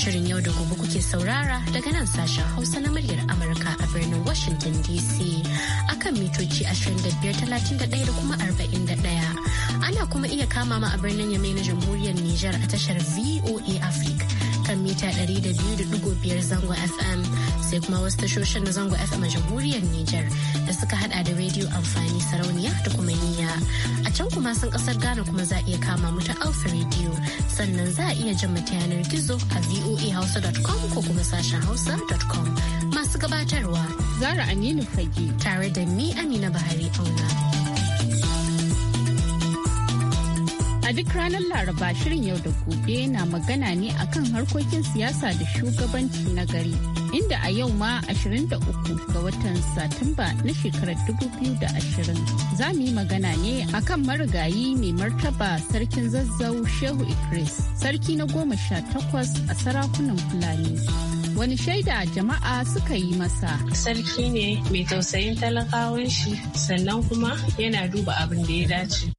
Shirin yau da gobe kuke saurara daga nan sashen Hausa na muryar Amurka a birnin Washington DC akan mitoci 2531 da kuma 41. Ana kuma iya kama ma a birnin Yamai na Jamhuriyar Nijar a tashar VOA Africa kan mita 200.5 zango FM sai kuma wasu tashoshin na zango FM a Jamhuriyar Nijar da suka hada da rediyo amfani sarauniya da kuma niyya. A can kuma sun kasar Ghana kuma za a iya kama mu ta Alpha Radio. sannan za a iya jin ta yanar gizo a voahausa.com ko kuma sashen hausa.com masu gabatarwa zara aminu fage tare da ni amina bahari auna a duk ranar laraba shirin yau da gobe na magana ne akan harkokin siyasa da shugabanci na gari inda a yau ma 23 ga watan Satumba na shekarar 2020 za mu yi magana ne akan marigayi mai martaba sarkin zazzau Shehu Idris sarki na goma sha takwas a sarakunan Fulani. wani shaida jama'a suka yi masa. Sarki ne mai tausayin talakawan shi sannan kuma yana duba abin da ya dace.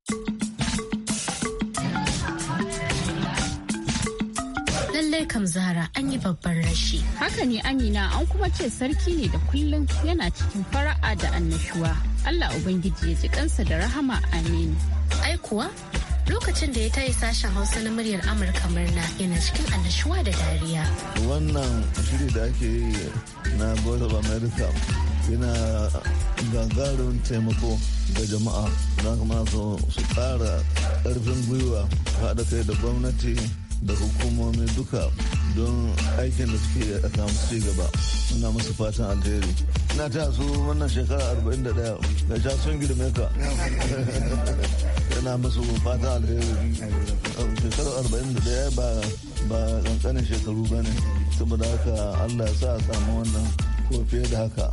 kan zara an yi babban rashi. Haka ne Amina an kuma ce sarki ne da kullum yana cikin fara'a da annashuwa. Allah Ubangiji ya ji kansa da rahama amin. Ai kuwa lokacin da ya tayi sashen hausa na muryar amurka murna yana cikin annashuwa da dariya wannan shiri da ake yi na voice of america yana gagarin taimako ga jama'a don kuma su kara karfin gwiwa haɗa kai da gwamnati da hukumomi duka don aikin da suke a samu ci gaba ina musu fatan alheri ina ta su wannan shekara 41 da ja sun girme ka ina musu fatan alheri shekara 41 ba ba kankanin shekaru ba ne saboda haka allah ya sa a samu wannan ko fiye da haka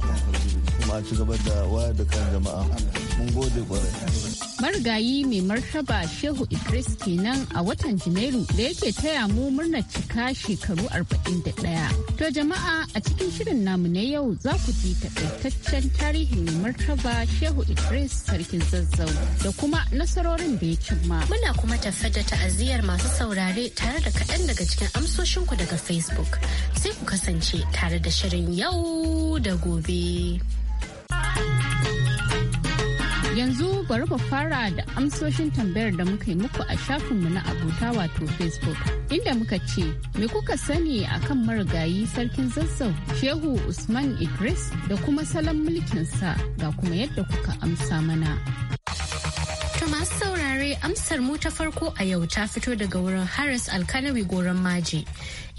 kuma a ci gaba da wayar da kan jama'a mun gode marigayi mai martaba shehu idris kenan a watan janairu da yake taya mu murnar cika shekaru 41 to jama'a a cikin shirin namu na yau za ku ji takaitaccen tarihin mai martaba shehu idris sarkin zazzau da kuma nasarorin da ya cimma muna kuma tafe da ta'aziyar masu saurare tare da kaɗan daga cikin amsoshinku daga facebook sai ku kasance tare da shirin yau da gobe. yanzu bari ku fara da amsoshin tambayar da muka yi muku a shafinmu na abota wato facebook inda muka ce me kuka sani akan marigayi sarkin zazzau shehu usman idris da kuma salon mulkin sa ga kuma yadda kuka amsa mana masu saurare amsar mu ta farko a yau ta fito daga wurin Haris Alkanawi goron maji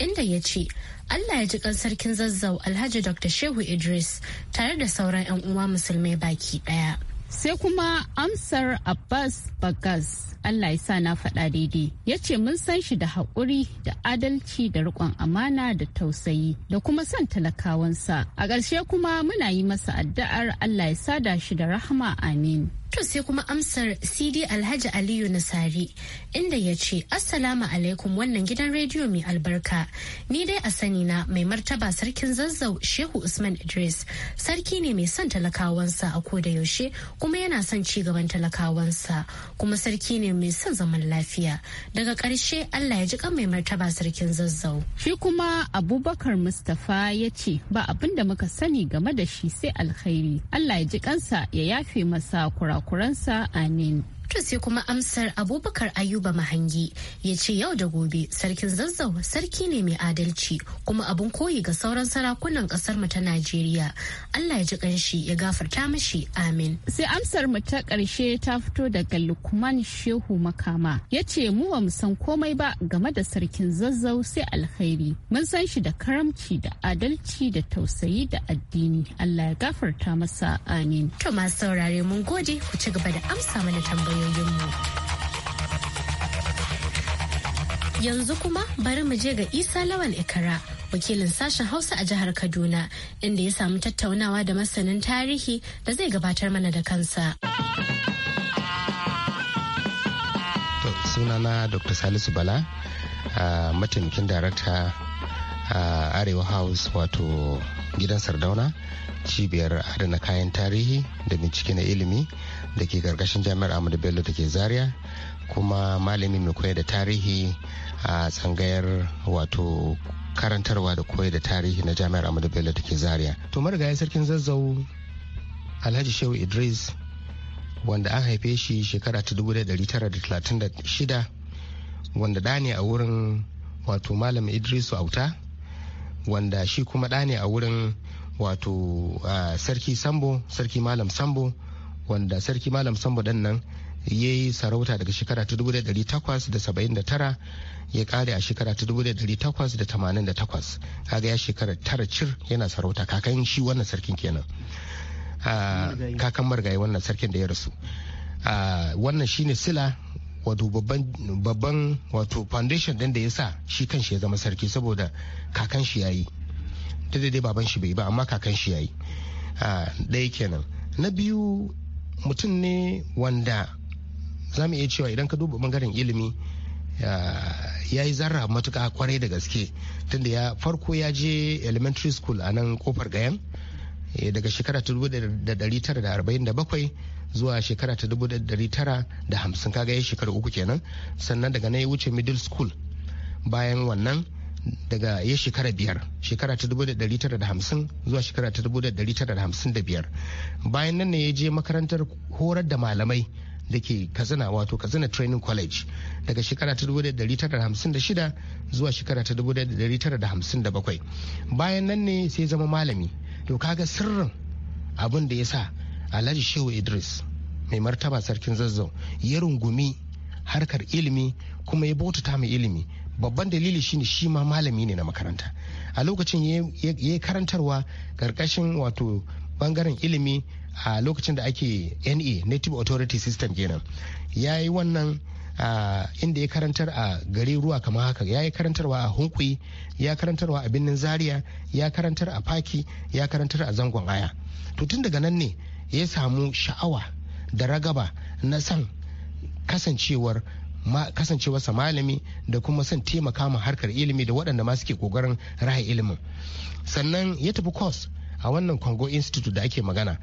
inda ya ce Allah ya ji kan sarkin zazzau Alhaji Dr. Shehu Idris tare da sauran 'yan uwa musulmai baki daya. Sai kuma amsar Abbas Bagas Allah ya sa na faɗa daidai ya ce mun san shi da haƙuri da adalci da riƙon amana da tausayi da kuma son talakawansa. A ƙarshe kuma muna yi masa addu'ar Allah ya sada shi da rahama amin. To sai kuma amsar CD Alhaji Aliyu Nasari inda ya ce Assalamu alaikum wannan gidan rediyo mai albarka. Ni dai a sani na mai martaba sarkin zazzau Shehu Usman Idris sarki ne mai son talakawansa a koda yaushe kuma yana son ci gaban talakawansa kuma sarki ne mai son zaman lafiya. Daga ƙarshe Allah ya ji kan mai martaba sarkin zazzau. Shi kuma Abubakar Mustapha ya ce ba abin da muka sani game da shi sai alkhairi. Allah ya ji kansa ya yafe masa kurakura. kurakuransa nin To sai kuma amsar Abubakar Ayuba Mahangi ya ce yau da gobe sarkin zazzau sarki ne mai adalci kuma abin koyi ga sauran sarakunan kasar mu ta Najeriya. Allah ya ji kanshi ya gafarta mashi amin. Sai amsar mu ta karshe ta fito daga Lukman Shehu Makama ya ce mu ba mu san komai ba game da sarkin zazzau sai alkhairi. Mun san shi da karamci da adalci da tausayi da addini. Allah ya gafarta masa amin. To masu saurare mun gode ku ci gaba da amsa mana tambayoyi. hanyoyinmu. Yanzu kuma bari mu je ga Isa Lawal Ikara, wakilin sashen Hausa a jihar Kaduna, inda ya samu tattaunawa da masanin tarihi da zai gabatar mana da kansa. sunana Dr. Salisu Bala, mataimakin darakta a Arewa House wato gidan Sardauna, cibiyar adana kayan tarihi da bincike na ilimi da ke karkashin jami'ar ahmadu bello da ke zaria kuma malami mai koyar da tarihi a tsangayar wato karantarwa da koyar da tarihi na jami'ar ahmadu bello da ke zaria to marigayi sarkin zazzau alhaji shehu idris wanda an haife shi shekara ta 1936 wanda ɗa ne a wurin wato malam Idris auta wanda shi kuma ɗa ne a wurin wato sarki sambo sarki malam sambo wanda sarki malam sambo dan nan ya yi sarauta daga shekara ta 1879 ya kare a shekara ta 1888 kaga ya shekara tara cir yana sarauta kakan shi wannan sarkin kenan ah, kakan margaye wannan sarkin da ya rasu ah, wannan shine sila wato babban wato foundation din da ya sa shi kan shi ya zama sarki saboda kakan shi yayi da dai baban shi bai ba amma kakan shi yayi ah, ɗaya kenan na biyu mutum ne wanda za mu iya cewa idan ka duba bangaren ilimi ya yi zarra matuka kwarai da gaske tunda ya farko ya je elementary school a nan kofar gayan eh, daga shekara ta 1947 zuwa shekara ta 1950 kaga ya shekara uku kenan sannan daga na ya wuce middle school bayan wannan daga ya shekara biyar shekara ta dubu da da tara hamsin zuwa shekara ta dubu da da da tara hamsin biyar bayan nan ne ya je makarantar horar da malamai da ke katsina wato katsina training college daga shekara ta dubu da da tara hamsin shida zuwa shekara ta dubu da da da tara hamsin bakwai bayan nan ne sai zama malami to kaga sirrin abin da ya sa alhaji shehu idris mai martaba sarkin zazzau ya rungumi harkar ilimi kuma ya bautata mai ilimi babban dalili shine shi ma malami ne na makaranta a lokacin ya yi karantarwa karkashin wato bangaren ilimi a lokacin da ake na native authority system kenan ya yi wannan a inda ya karantar a gari ruwa kamar haka ya yi karantarwa a hunkui ya karantarwa a birnin zaria ya karantar a paki ya karantar a zangon aya to tun daga nan ne ya samu sha'awa da ragaba na san kasancewar sa malami da kuma son taimaka ma harkar ilimi da waɗanda ma suke ƙoƙarin raya ilimin sannan ya tafi course a wannan congo institute da ake magana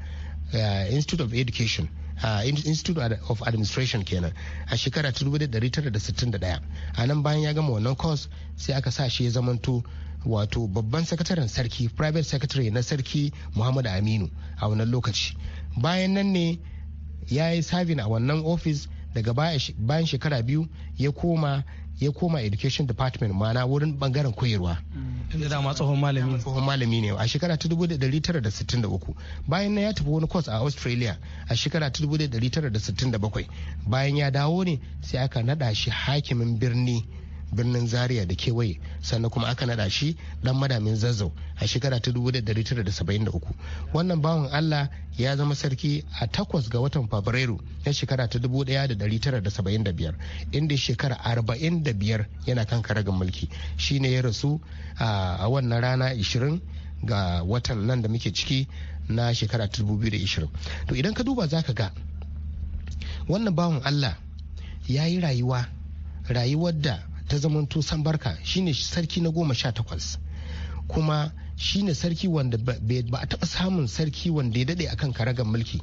uh, institute of education uh, institute of administration kenan a shekara 1961 a nan bayan ya gama wannan course sai aka sa shi ya zamanto wato babban sakataren sarki private secretary na sarki muhammadu aminu a wannan lokaci bayan nan ne ya yi a wannan office daga bayan shekara biyu ya koma ya koma education department mana wurin bangaren koyarwa inda dama tsohon malami tsohon malami ne a shekara ta 1963 bayan na ya tafi wani course a australia a shekara ta 1967 bayan ya dawo ne sai aka nada shi hakimin birni birnin zaria da kewaye sannan kuma aka naɗa shi dan madamin zazzau a shekara ta 1973 wannan bawan allah ya zama sarki a takwas ga watan fabrairu na shekara ta 1975 inda shekara 45 yana kan karagan mulki shine ya rasu a wannan rana 20 ga watan nan da muke ciki na shekara ta 2020 to idan ka duba za ka ga wannan bawan allah ya yi rayuwa rayuwar da ta zamanto barka shine sarki na goma sha takwas kuma shine sarki wanda ba a taɓa samun sarki wanda ya daɗe akan karagar mulki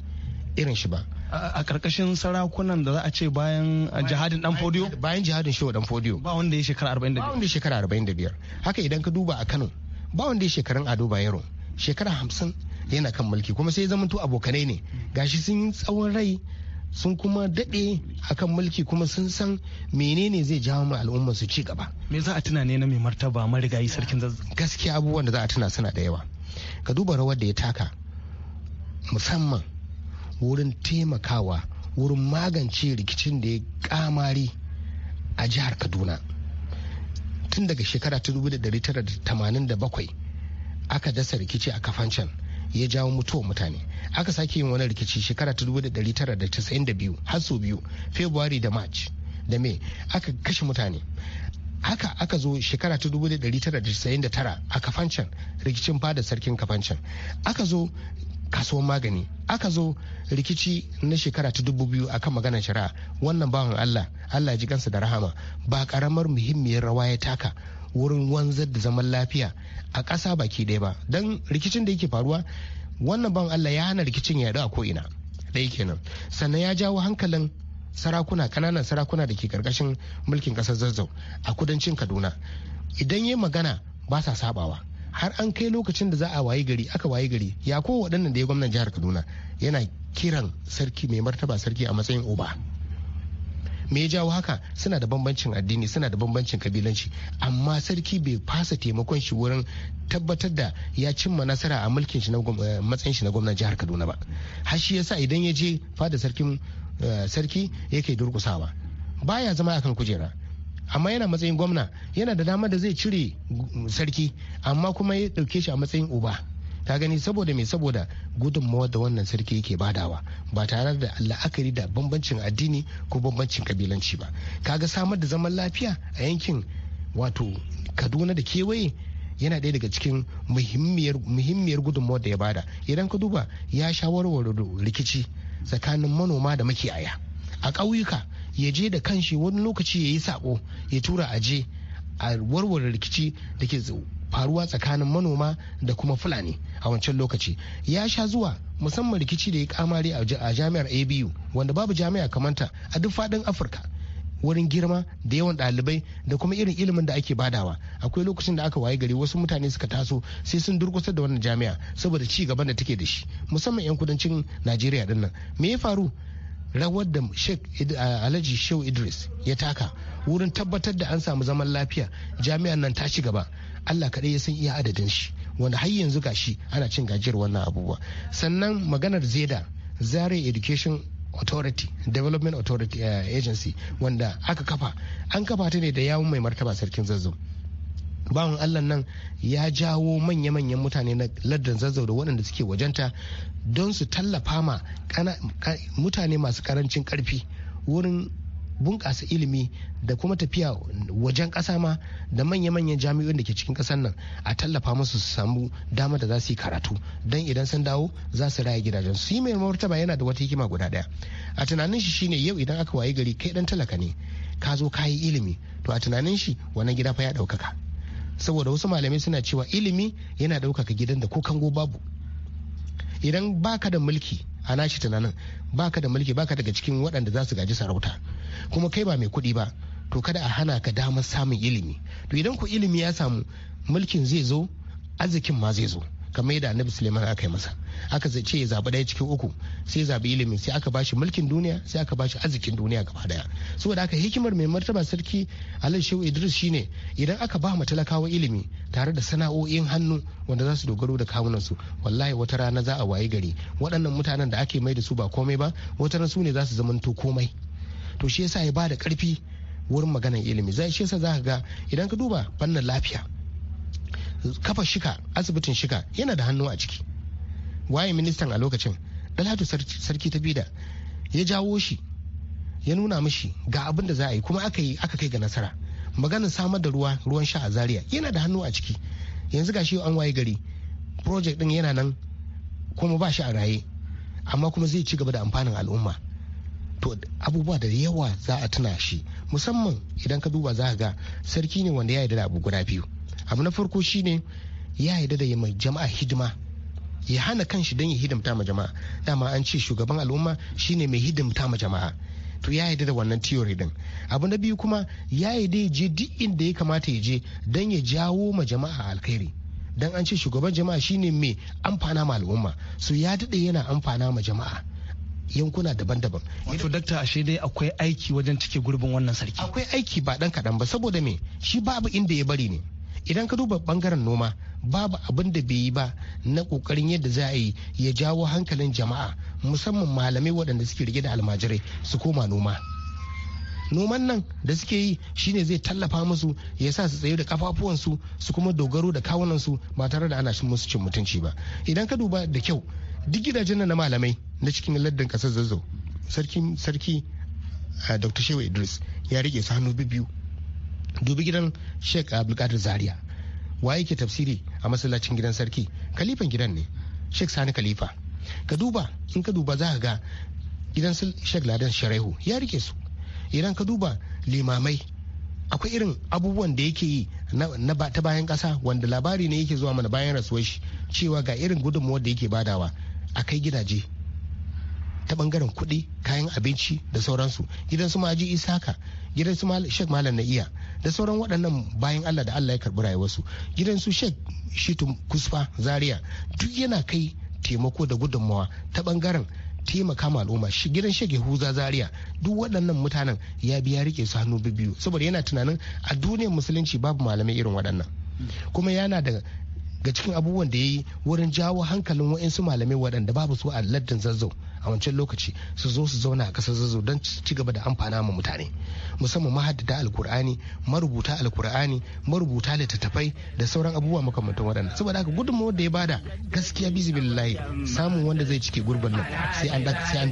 irin shi ba a karkashin sarakunan da za a ce bayan jihadin dan fodiyo bayan jihadin wa dan fodiyo ba wanda ya shekara 45 ba wanda ya shekara 45 haka idan ka duba a Kano ba wanda ya shekarun Ado Bayero shekara 50 yana kan mulki kuma sai ya zamanto abokanai ne gashi sun yi tsawon rai sun kuma daɗe akan mulki kuma sun san menene zai jawo mu al'umma su ci gaba me za a tuna ne na mai martaba marigayi sarkin zazzau gaskiya abubuwan da za a tuna suna da yawa ka duba rawar da ya taka musamman wurin taimakawa wurin magance rikicin da ya kamari a jihar kaduna tun daga shekara 1987 aka dasa rikici a kafancan ya jawo mutuwar mutane aka sake yin wani rikici shekara ta 1992 har sau biyu february da march da me aka kashe mutane haka aka zo shekara ta 1999 a kafancan rikicin fada sarkin kafancan aka zo kasuwan magani aka zo rikici na shekara ta dubu biyu akan magana shari'a wannan bawan allah allah ji kansa da rahama ba karamar muhimmiyar rawa ya taka wurin wanzar da zaman lafiya a ƙasa baki ɗaya ba don rikicin da yake faruwa wannan ban Allah ya hana rikicin ya a ko'ina ɗaya kenan sannan ya jawo hankalin sarakuna ƙananan sarakuna da ke ƙarƙashin mulkin ƙasar zazzau a kudancin kaduna idan ya magana ba sa sabawa har an kai lokacin da za a wayi gari aka wayi gari ya ko waɗannan da ya gwamnan jihar kaduna yana kiran sarki mai martaba sarki a matsayin uba me ya jawo haka suna da bambancin addini suna da bambancin kabilanci amma sarki bai fasa taimakon shi wurin tabbatar da ya cimma nasara a mulkin shi na eh, matsayin shi na gwamnan jihar Kaduna ba har shi yasa idan ya je fada sarkin eh, sarki yake durkusawa baya zama akan kujera amma yana matsayin gwamna yana da dama da zai cire sarki amma kuma ya dauke shi a matsayin uba ta gani saboda mai saboda gudunmawar da wannan sarki yake badawa ba tare da la'akari da bambancin addini ko bambancin kabilanci ba kaga samar da zaman lafiya a yankin wato kaduna da kewaye yana ɗaya daga cikin muhimmiyar gudunmawar da ya bada idan ka duba ya shawarwar rikici tsakanin manoma da makiyaya a ƙauyuka ya je da kanshi wani lokaci ya yi saƙo ya tura a je a warware rikici da ke faruwa tsakanin manoma da kuma fulani a wancan lokaci ya sha zuwa musamman rikici da ya kamare a jami'ar abu wanda babu jami'a kamanta a duk fadin afirka wurin girma da yawan ɗalibai da kuma irin ilimin da ake badawa akwai lokacin da aka waye gari wasu mutane suka taso sai sun durkusa da wannan jami'a saboda ci gaban da take da shi musamman 'yan kudancin najeriya nan me ya faru rawar da alhaji shehu idris ya taka wurin tabbatar da an samu zaman lafiya jami'an nan ta ci gaba Allah kaɗai ya san iya adadin shi wanda har yanzu gashi ana cin gajiyar wannan abubuwa sannan maganar zeda zare education authority development authority uh, agency wanda aka kafa an kafa ta ne da yawun mai martaba sarkin zazzau bawan allah nan ya jawo manya-manyan mutane na lardin zazzau da waɗanda suke wajenta don su tallafa ma mutane masu karancin karfi wurin bunƙasa ilimi da kuma tafiya wajen ƙasa ma da manya-manyan jami'o'in da ke cikin ƙasar nan a tallafa musu su samu dama da za su yi karatu don idan sun dawo za su raya gidajen su yi mai martaba yana da wata hikima guda ɗaya a tunanin shi shine yau idan aka wayi gari kai dan talaka ne ka zo ka yi ilimi to a tunanin shi wannan gida fa ya ɗaukaka saboda wasu malamai suna cewa ilimi yana ɗaukaka gidan da ko kango babu idan baka da mulki a shi tunanin baka da mulki baka daga cikin waɗanda za su gaji sarauta kuma kai ba mai kuɗi ba to kada a hana ka damar samun ilimi to idan ku ilimi ya samu mulkin zai zo arzikin ma zai zo kamar yadda annabi suleiman aka yi masa aka ce ya zaɓi ɗaya cikin uku sai ya zaɓi ilimi sai aka bashi mulkin duniya sai aka bashi arzikin duniya gaba daya saboda haka hikimar mai martaba sarki alal shehu idris shine idan aka ba talakawa ilimi tare da sana'o'in hannu wanda za su dogaro da kawunansu wallahi wata rana za a wayi gari waɗannan mutanen da ake mai da su ba komai ba wata rana su ne za su zamanto komai to shi yasa ya ba da karfi wurin maganar ilimi zai shi yasa zaka ga idan ka duba fannin lafiya kafa shika asibitin shika yana da hannu a ciki waye ministan a lokacin dalhatu sarki ta bida ya jawo shi ya nuna mishi ga abin da za a yi kuma aka yi aka kai ga nasara maganar samar da ruwa ruwan sha a zaria yana da hannu a ciki yanzu ga shi an waye gari project din yana nan kuma ba shi a raye amma kuma zai ci gaba da amfanin al'umma to abubuwa da yawa za a tuna shi musamman idan ka duba za ga sarki ne wanda ya yarda da abu guda biyu abu na farko shine ya yarda da mai jama'a hidima ya hana shi don ya hidimta ma jama'a dama an ce shugaban al'umma shine mai hidimta ma jama'a to ya yarda da wannan theory din abu na biyu kuma ya yarda ya je duk inda ya kamata ya je don ya jawo ma jama'a alkhairi dan an ce shugaban jama'a shine mai amfana ma al'umma so ya daɗe yana amfana ma jama'a yankuna daban-daban. Wato dakta ashe dai akwai aiki wajen cike gurbin wannan sarki. Akwai aiki ba dan kaɗan ba saboda me shi babu inda ya bari ne. Idan ka duba bangaren noma babu abin da bai yi ba na kokarin yadda za a yi ya jawo hankalin jama'a musamman malamai waɗanda suke rike da almajirai su koma noma. noman nan da suke yi shine zai tallafa musu ya sa su tsaye da kafafuwansu su kuma dogaro da kawunansu ba tare da ana musu cin mutunci ba idan ka duba da kyau duk gidajen nan na malamai na cikin lardin kasar zazzau sarki sarki ah, dr shehu idris ya rike su hannu biyu dubi gidan sheik abdulkadir zaria waye ke tafsiri a masallacin gidan sarki kalifan gidan ne sheik sani kalifa ka duba in ka duba za ka ga gidan sheik ladan sharehu ya rike su idan ka duba limamai akwai irin abubuwan da yake yi ta bayan kasa wanda labari ne yake zuwa mana bayan rasuwar shi cewa ga irin gudunmuwar da yake badawa a kai gidaje ta bangaren kuɗi kayan abinci da sauransu gidan su maji isaka gidan su shek malam na'iya da sauran waɗannan bayan allah da allah ya karɓi rayuwarsu gidan su shek shitu kusfa zaria duk yana kai taimako da gudunmawa ta bangaren taimaka ma al'umma shi gidan shek yahuza zaria duk waɗannan mutanen ya biya rike su hannu biyu saboda yana tunanin a duniyar musulunci babu malamai irin waɗannan kuma yana da ga cikin abubuwan da ya yi wurin jawo hankalin wa'insu malamai waɗanda babu su a lardin zazzau a wancan lokaci su zo su zauna a ƙasar zazzau don ci gaba da amfana ma mutane musamman mahaddata alkur'ani marubuta alkur'ani marubuta littattafai da sauran abubuwa makamantan waɗanda saboda haka gudunmawar da ya bada gaskiya bizibillahi samun wanda zai cike gurbin nan sai an daka sai an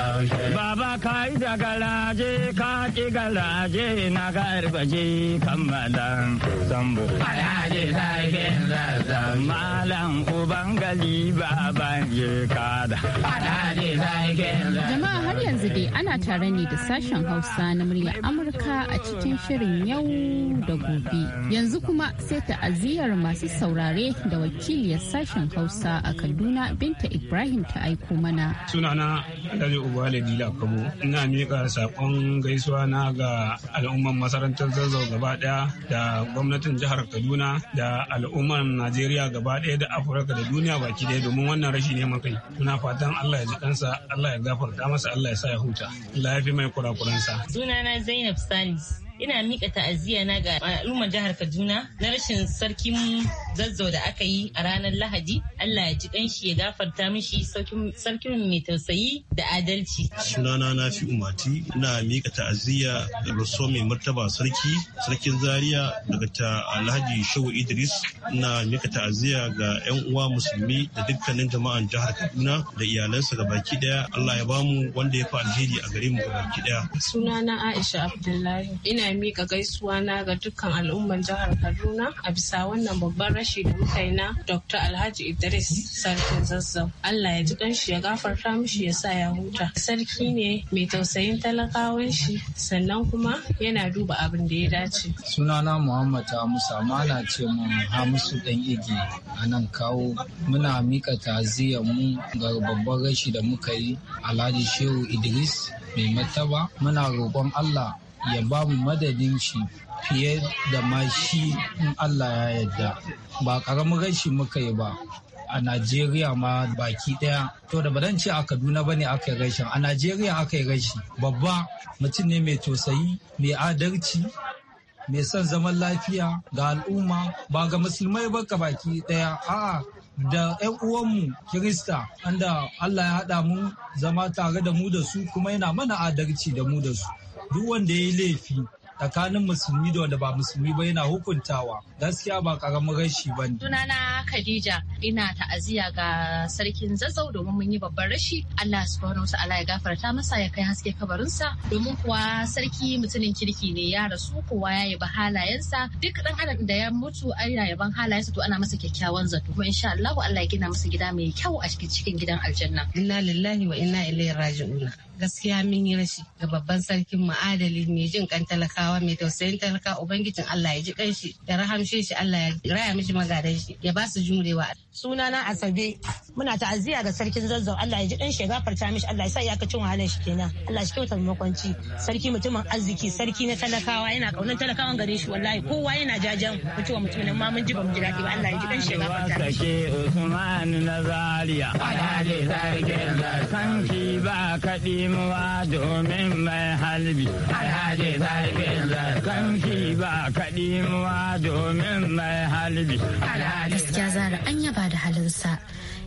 duba Baba ka yi da galaje ka ki galaje na garbaje kammalan sambo. Alhaji sarkin zazzau. Malam uban gali baban je kada. Alhaji sarkin zazzau. Jama'a har yanzu dai ana tare ne da sashen Hausa na murya Amurka a cikin shirin yau da gobe. Yanzu kuma sai ta'aziyar masu saurare da wakiliyar sashen Hausa a Kaduna Binta Ibrahim ta aiko mana. Sunana Alhaji Ubale Dila Kabo ina miƙa saƙon gaisuwa na ga al'umman masarantar zazzau gaba ɗaya da gwamnatin jihar kaduna da al'umman najeriya gaba ɗaya da afirka da duniya baki ɗaya domin wannan rashi ne kai muna fatan allah ya ji kansa allah ya gafarta masa allah ya sa ya huta allah ya fi mai kurakuransa sunana zainab salis ina mika ta'aziyya na ga al'ummar jihar Kaduna na rashin sarkin zazzau da aka yi a ranar Lahadi. Allah ya ji kanshi ya gafarta mishi sarkin mai tausayi da adalci. Sunana na fi umati ina mika ta'aziyya da raso mai martaba sarki sarkin Zaria daga ta Alhaji Shehu Idris ina mika ta'aziyya ga yan uwa musulmi da dukkanin jama'an jihar Kaduna da iyalansa ga baki daya. Allah ya bamu wanda ya fi alheri a gare mu ga baki daya. Sunana Aisha Abdullahi ina ina mika gaisuwa na ga dukkan al'umman jihar Kaduna a bisa wannan babban rashi da muka yi na Dr. Alhaji Idris Sarkin Zazzau. Allah ya ji shi ya gafarta mishi ya sa ya huta. Sarki ne mai tausayin talakawan shi sannan kuma yana duba abin da ya dace. Sunana Muhammad ma na ce mun Hamisu dan igi a nan kawo muna mika taziyar mu ga babban rashi da muka yi Alhaji Shehu Idris mai mataba muna roƙon Allah ya ba mu madadin shi fiye da ma shi in Allah ya yarda ba karamin rashi muka yi ba a Najeriya ma baki daya to da badan ce a Kaduna ba ne aka yi rashin a Najeriya aka yi rashi babba mutum ne mai tosayi mai adalci mai son zaman lafiya ga al'umma ba ga musulmai ba ka baki daya a'a da 'yan uwanmu kirista anda Allah ya haɗa mu zama tare da mu da su kuma yana mana adalci da mu da su duk wanda ya yi laifi tsakanin musulmi da wanda ba musulmi ba yana hukuntawa gaskiya ba karamin rashi ba ne. Sunana Khadija ina ta'aziyya ga sarkin zazzau domin mun yi babban rashi Allah subhanahu wa Allah ya gafarta masa ya kai haske kabarinsa domin kuwa sarki mutumin kirki ne ya rasu kowa ya yi halayensa duk ɗan adam da ya mutu ana yaban halayensa to ana masa kyakkyawan zato kuma insha Allah Allah ya gina masa gida mai kyau a cikin cikin gidan aljanna. Inna lillahi wa inna ilaihi raji'una. gaskiya mun yi rashi ga babban sarkin mu adali mai jin kan talakawa mai tausayin talaka ubangijin Allah ya ji kanshi da rahamshe shi Allah ya raya mishi magadan shi ya ba su jurewa sunana asabe muna ta'aziyya ga sarkin zazzau Allah ya ji kanshi ya gafarta mishi Allah ya sa iyakacin wahalar shi kenan Allah shi kyautar makwanci sarki mutumin arziki sarki na talakawa yana kaunar talakawan gare shi wallahi kowa yana jajan mutuwa mutumin ma mun ji ba mu ji daɗi ba Allah ya ji kanshi ya gafarta ke Usman na Alhaji sarkin da sanki ba kaɗi himuwa domin mai halbi alhaji sarkin zarkanki ba kaɗi muwa domin mai halbi gaskiya zara an yaba da halinsa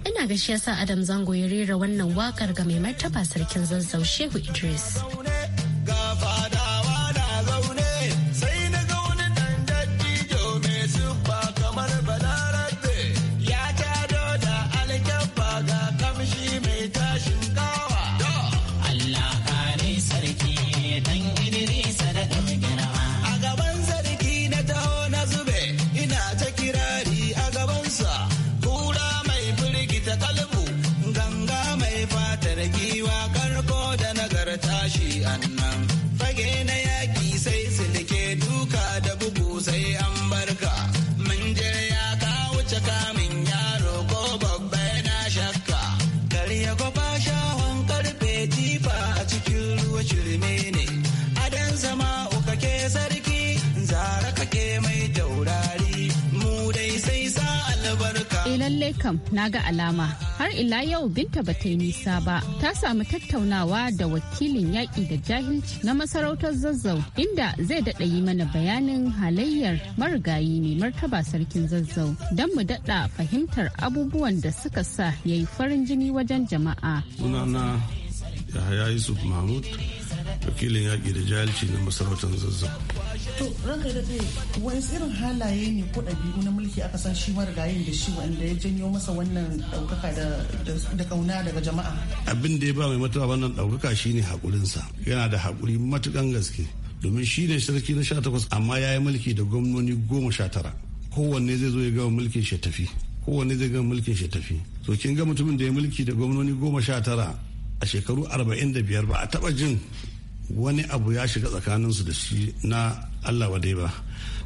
ina ga shi yasa adam zango ya rera wannan wakar ga mai martaba sarkin zazzau shehu idris kam na ga alama har ila yau binta ba ta yi nisa ba ta samu tattaunawa da wakilin yaƙi da jahilci na masarautar zazzau inda zai daɗa yi mana bayanin halayyar marigayi mai martaba sarkin zazzau don mu daɗa fahimtar abubuwan da suka sa ya yi farin jini wajen jama'a. Sunana Yahaya Yusuf Mahmud wakilin yaƙi da jahilci na masarautar zazzau. to ranka da tsaye, wani irin halaye ne ko ɗabi'u na mulki aka san shi gayin da shi wanda ya janyo masa wannan ɗaukaka da kauna daga jama'a. abin da ya ba mai matuwa wannan ɗaukaka shine haƙurinsa yana da haƙuri matukan gaske domin shi ne sarki na sha takwas amma ya yi mulki da gwamnoni goma sha tara kowanne zai zo ya gama mulkin shi tafi kowanne zai gama mulkin shi tafi to kin ga mutumin da ya mulki da gwamnoni goma sha tara a shekaru arba'in da biyar ba a taba jin wani abu ya shiga tsakaninsu da shi na allah wa ba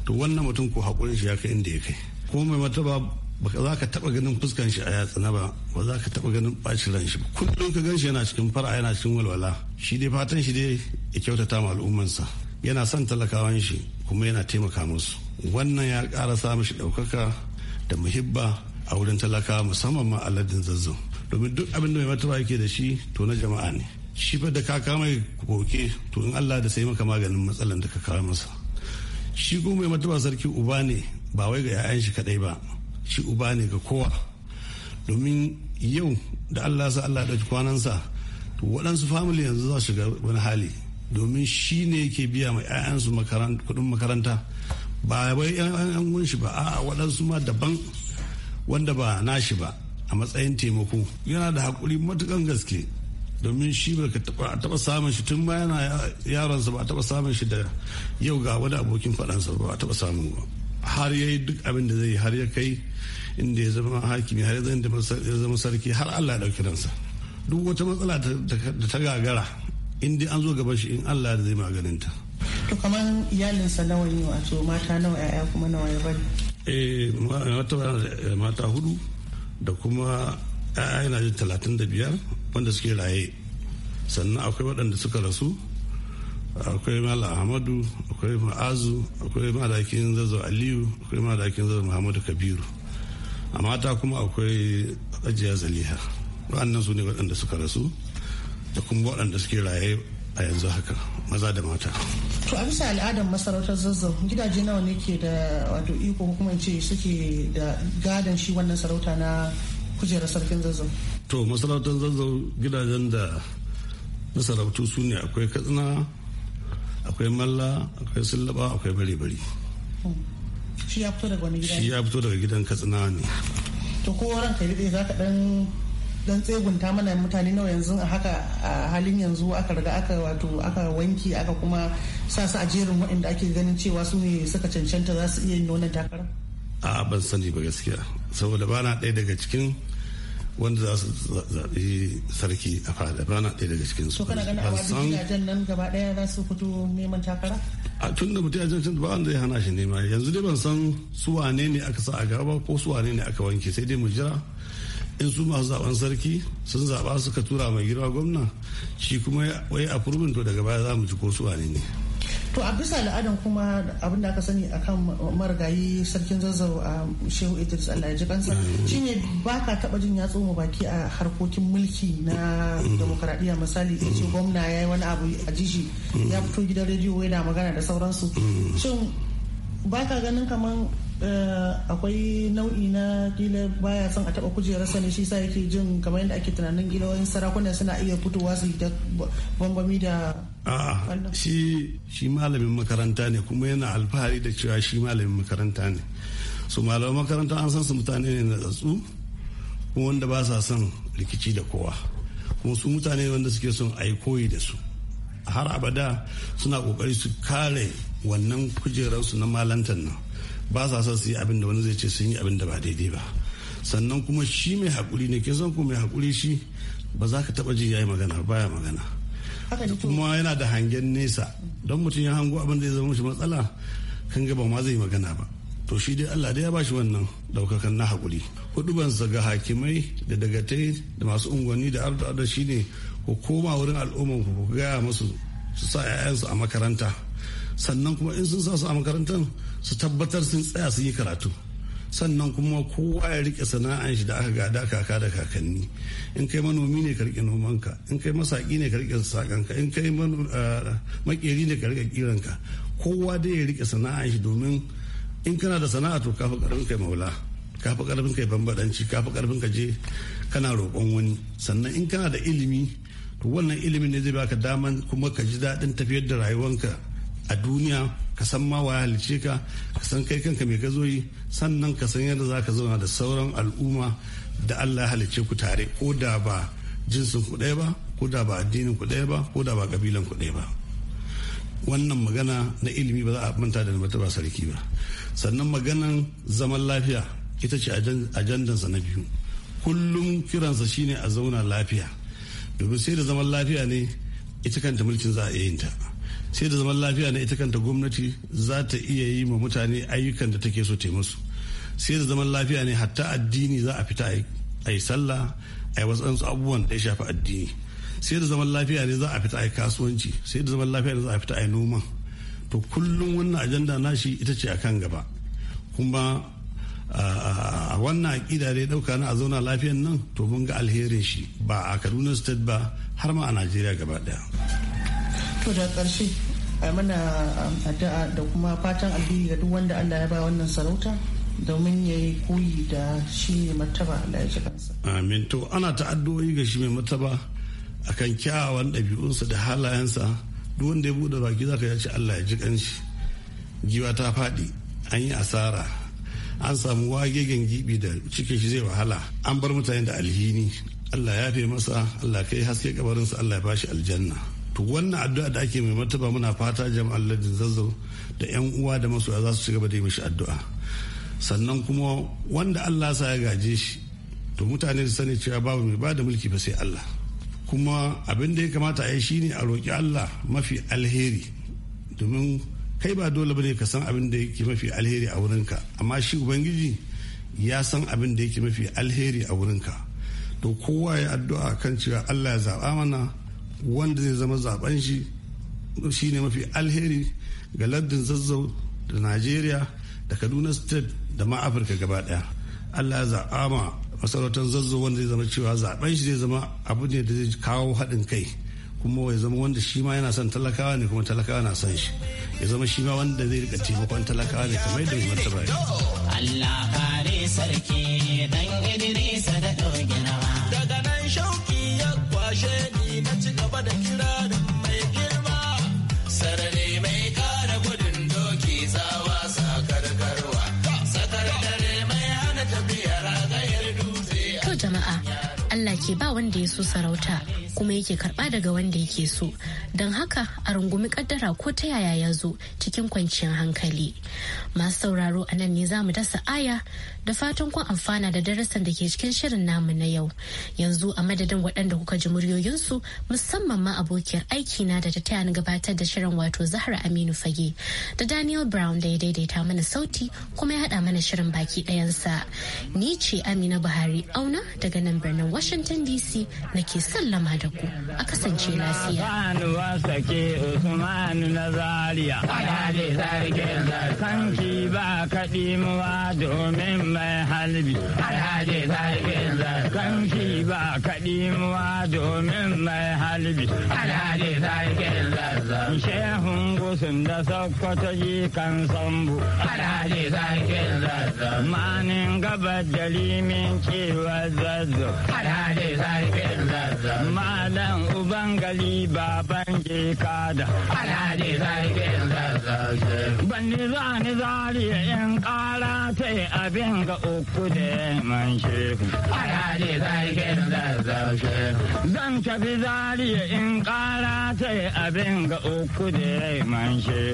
to wannan mutum ko haƙurin shi ya kai inda ya kai ko mai mataba ba za ka taɓa ganin fuskan shi a yatsa na ba ba za ka taɓa ganin ɓacin ran shi ba kullum ka gan shi yana cikin fara yana cikin walwala shi dai fatan shi dai ya kyautata ma al'ummansa yana son talakawan shi kuma yana taimaka musu wannan ya ƙara sa mishi ɗaukaka da muhibba a wurin talakawa musamman ma aladin zazzau domin duk abin da mai mataba yake da shi to na jama'a ne shi fa da ka kama koke to in Allah da sai maka maganin matsalan da ka kawo masa shi kuma mai matuba sarki uba ne ba wai ga 'ya'yan shi kadai ba shi uba ne ga kowa domin yau da Allah sa Allah da kwanan sa to waɗansu family yanzu za su shiga wani hali domin shi ne yake biya ma yayan kuɗin makaranta ba wai 'yan shi ba a'a waɗansu ma daban wanda ba nashi ba a matsayin taimako yana da haƙuri matukan gaske domin shi ba taba samun shi tun ma yana yaronsa ba taba samun shi da yau ga wani abokin faɗansa ba taba samun ba har ya yi duk abin da zai har ya kai inda ya zama hakimi har ya zama sarki har Allah ya ɗauki ransa duk wata matsala da ta gagara inda an zo gaban shi in Allah da zai ta. to kamar iyalinsa nawa ne wato mata nawa ya'ya kuma nawa ya bari eh, eh mata hudu da kuma ya'ya yana jin talatin da biyar wanda suke raye sannan akwai waɗanda suka rasu akwai mala ahmadu akwai ma'azu akwai madakin zazzau aliyu akwai madakin zazzau muhammadu kabiru a mata kuma akwai ajiya zaliha waɗannan su ne waɗanda suka rasu da kuma waɗanda suke raye a yanzu haka maza da mata to a bisa al'adar masarautar zazzau gidaje nawa ne ke da wato iko hukumance kuma ce suke da gadon shi wannan sarauta na kujerar sarkin zazzau to masarautar zazzau gidajen da masarautu su ne akwai katsina akwai malla akwai sullaba akwai bare-bare shi ya fito daga wani gida shi ya fito daga gidan katsina ne to ko ran kai za ka dan dan tsegunta mana mutane nawa yanzu a haka a halin yanzu aka riga aka wato aka wanki aka kuma sa su a jerin waɗanda ake ganin cewa su ne suka cancanta za su iya yin nonon takara a ban sani ba gaskiya saboda ba na ɗaya daga cikin wanda za su zaɓi sarki a fada bana ɗaya daga cikin su. kana ganin gidajen nan gaba ɗaya za su fito neman takara? a tun da mutum ya can ba wanda zai hana shi nema yanzu dai ban san su wane ne aka sa a gaba ko su wane ne aka wanke sai dai mu jira in su masu zaben sarki sun zaɓa suka tura mai girma gwamna shi kuma wai a to daga baya za mu ji ko su wane ne. to a bisa al'adan kuma abin da aka sani akan marigayi sarkin zazzau a shehu idris allah ya kansa mm. shine ba ka taba jin ya tsoma baki a harkokin mulki na mm. demokaradiyya misali ya ce mm. gwamna ya yi wani abu a jishi ya fito gidan rediyo yana magana da sauransu shin ba ka ganin kamar Eh, akwai nau'i na kila baya son a taba kujerarsa ne shi sa yake jin kamar yadda ake tunanin kila wani sarakuna suna iya fitowa su yi ta bambami da a'a shi shi malamin makaranta ne kuma yana alfahari da cewa shi malamin makaranta ne su malamin makaranta an san su mutane ne na tsatsu kuma wanda ba sa son rikici da kowa kuma su mutane wanda suke son a yi koyi da su har abada suna kokari su kare wannan kujerarsu na malantar nan ba sa son su yi abin da wani zai ce sun yi abin da ba daidai ba sannan kuma shi mai hakuri ne kisan san ku mai hakuri shi ba za ka taba ji yayi magana ba ya magana kuma yana da hangen nesa don mutum ya hango abin da ya zama shi matsala kan gaba ma zai magana ba to shi dai Allah dai ya bashi wannan daukakan na haƙuri hudubansa ga hakimai da dagatai da masu unguwanni da arda da ne ku koma wurin al'umman ku ku gaya musu su sa 'ya'yansu a makaranta sannan kuma in sun sa su a makarantar su tabbatar sun tsaya sun yi karatu sannan kuma kowa ya rike sana'an shi da aka gada kaka da kakanni in kai manomi ne ka rike nomanka in kai masaki ne ka rike sakanka in kai makeri eh, ne ka rike kiranka kowa dai ya rike sana'an shi domin in kana da sana'a to kafa karfin kai maula kafa karfin kai bambadanci kafa karfin ka je kana roƙon wani sannan in kana da ilimi to wannan ilimin ne zai baka daman kuma ka ji daɗin tafiyar da rayuwanka a duniya ka san ma waya halice ka ka san kai kanka mai ka yi sannan ka san yadda za ka zauna da sauran al'umma da allah halice ku tare ko da ba jinsin ku ɗaya ba ko da ba addinin ku ɗaya ba ko da ba kabilan ku ɗaya ba wannan magana na ilimi ba za a manta da mata ba sarki ba sannan maganan zaman lafiya ita ce ajandansa na biyu kullum kiransa shine a zauna lafiya domin sai da zaman lafiya ne ita kanta mulkin za a iya yin ta sai da zaman lafiya na ita kanta gwamnati za ta iya yi ma mutane ayyukan da take so musu sai da zaman lafiya ne hatta addini za a fita a yi sallah a yi wasu abubuwan da ya shafi addini sai da zaman lafiya ne za a fita a yi kasuwanci sai da zaman lafiya ne za a fita a yi noma to kullum wannan ajanda nashi ita ce a kan gaba kuma a wannan aƙida da ya ɗauka na a zauna lafiyan nan to mun ga alherin shi ba a kaduna state ba har ma a najeriya gaba ɗaya to da karshe a mana addu'a da kuma fatan alheri ga duk wanda Allah ya ba wannan sarauta domin ya yi koyi da shi mai martaba Allah ya ji kansa amin to ana ta addu'o'i ga shi mai martaba akan kyawawan ɗabi'unsa da halayensa duk wanda ya buɗe baki zaka ya ce Allah ya ji kanshi giwa ta faɗi an yi asara an samu wagegen gibi da cikin shi zai wahala an bar mutane da alhini Allah ya fi masa Allah kai haske kabarinsa Allah ya bashi aljanna to wannan addu'a da ake mai martaba muna fata jama'an lardin zazzau da yan uwa da masoya za su ci gaba da yi mishi addu'a sannan kuma wanda allah sa ya gaje shi to mutane su sani cewa babu mai bada mulki ba sai allah kuma abin da ya kamata a yi shine a roƙi allah mafi alheri domin kai ba dole ba ne ka san abin da yake mafi alheri a wurinka amma shi ubangiji ya san abin da yake mafi alheri a wurinka to kowa ya addu'a kan cewa allah ya zaɓa mana wanda zai zama zaben shi shine mafi alheri ga lardin zazzau da najeriya da kaduna state da ma afirka gaba daya allah ya zaɓa ma masarautar zazzau wanda zai zama cewa zaben shi zai zama abu ne da zai kawo haɗin kai kuma ya zama wanda shi ma yana son talakawa ne kuma talakawa na son shi ya zama shi ma wanda zai riƙa taimakon talakawa ne kamar yadda mai martaba Allah kare yake ba wanda ya so sarauta kuma yake karba daga wanda yake so don haka a rungumi kaddara ko ta yaya ya zo cikin kwanciyar hankali masu sauraro a nan ne za mu dasa aya da fatan kun amfana da darasin da ke cikin shirin namu na yau yanzu a madadin waɗanda kuka ji muryoyinsu musamman ma abokiyar aiki na da ta taya ni gabatar da shirin wato zahra aminu fage da daniel brown da ya daidaita mana sauti kuma ya haɗa mana shirin baki ɗayansa ni ce amina buhari auna daga nan birnin washington Washington DC nake sallama da ku a kasance lafiya. Sanki ba kaɗi muwa domin mai ba kaɗi domin mai halbi. Shehun gusun da sokoto yi kan sambu. Manin gabar da limin ce sarkin zazzau. Malam Ubangali baban je kada. Alhaji sarkin zazzau ce. za ni zari in kara ta abin ga uku da man sheku. Alhaji sarkin zazzau ce. Zan tafi zari in kara ta abin ga uku da man sheku.